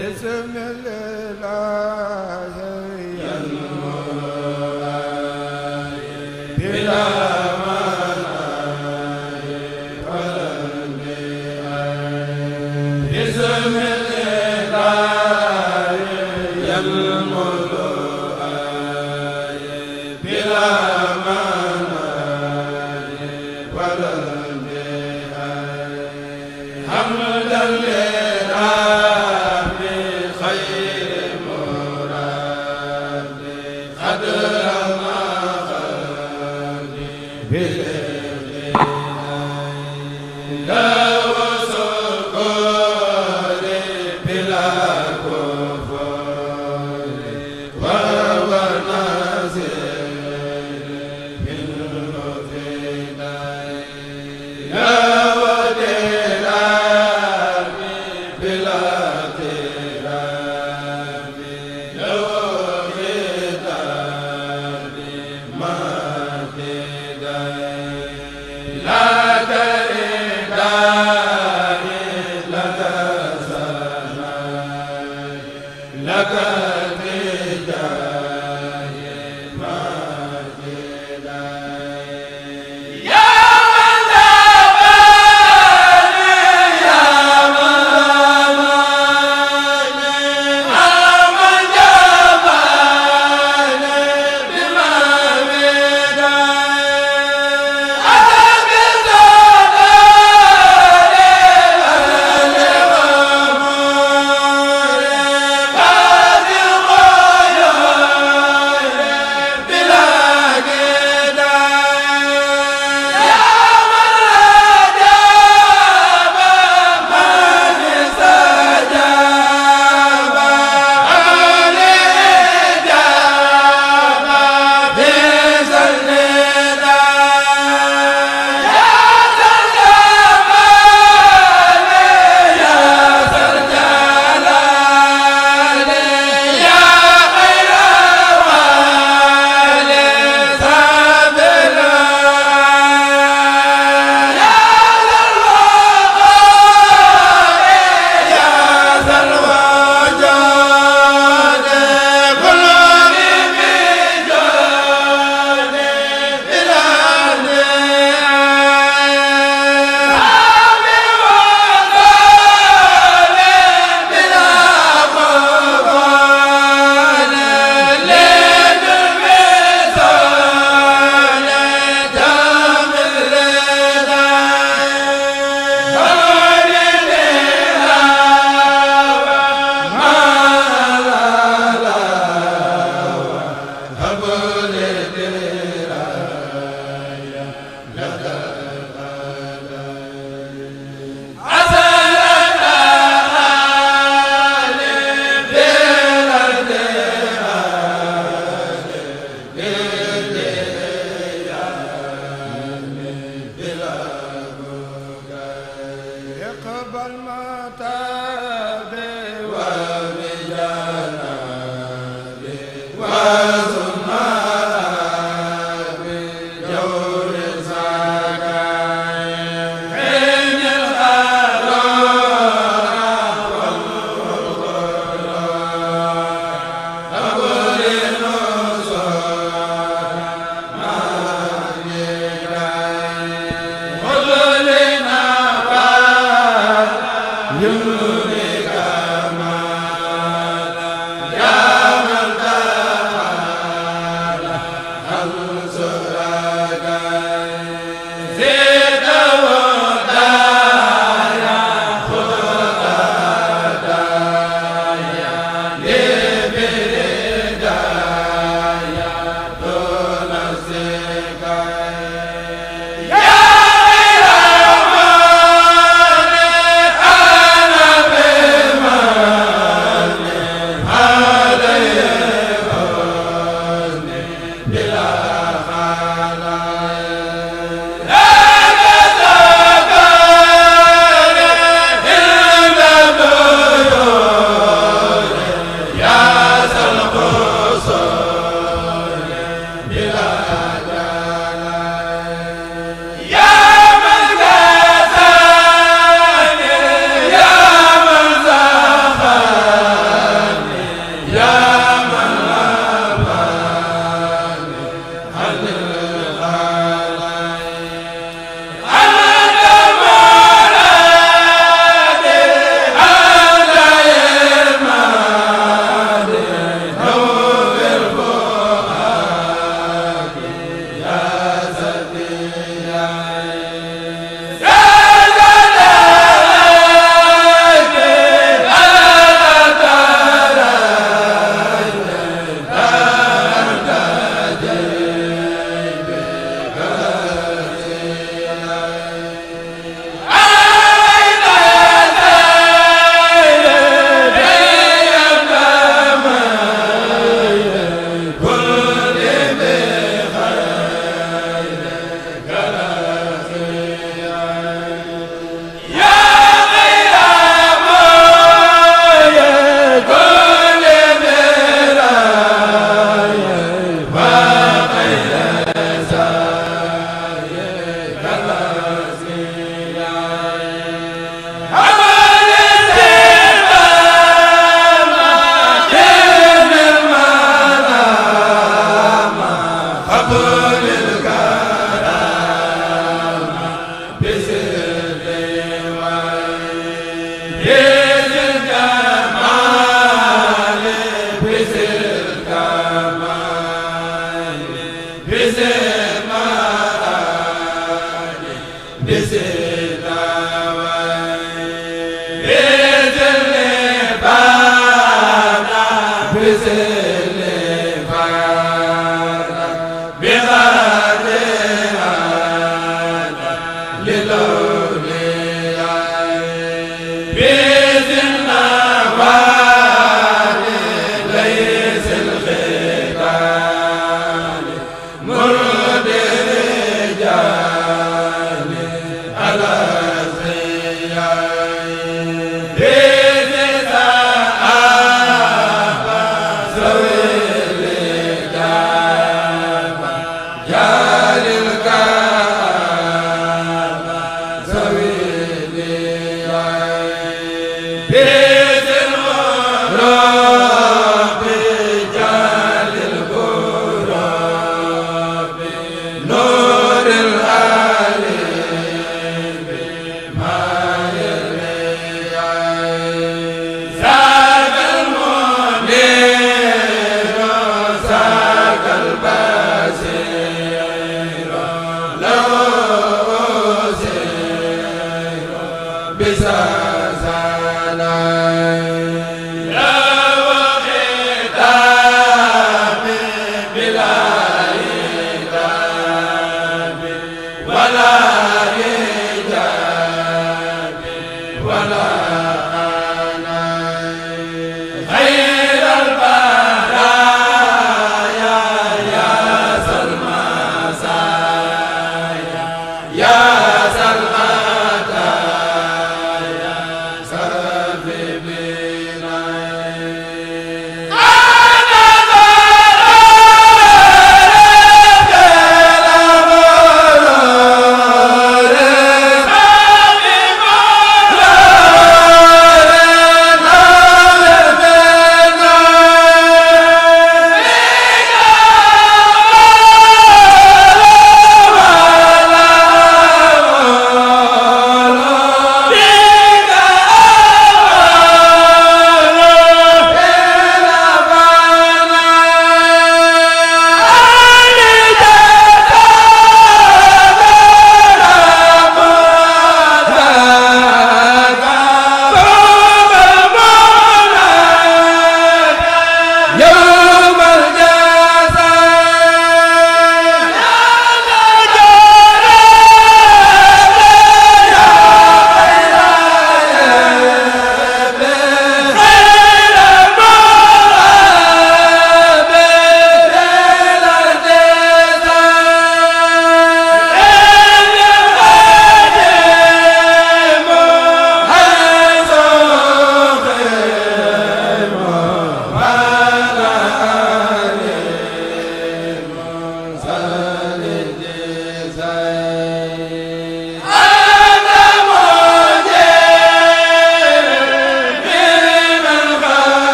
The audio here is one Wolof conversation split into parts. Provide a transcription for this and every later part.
Yes,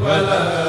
wala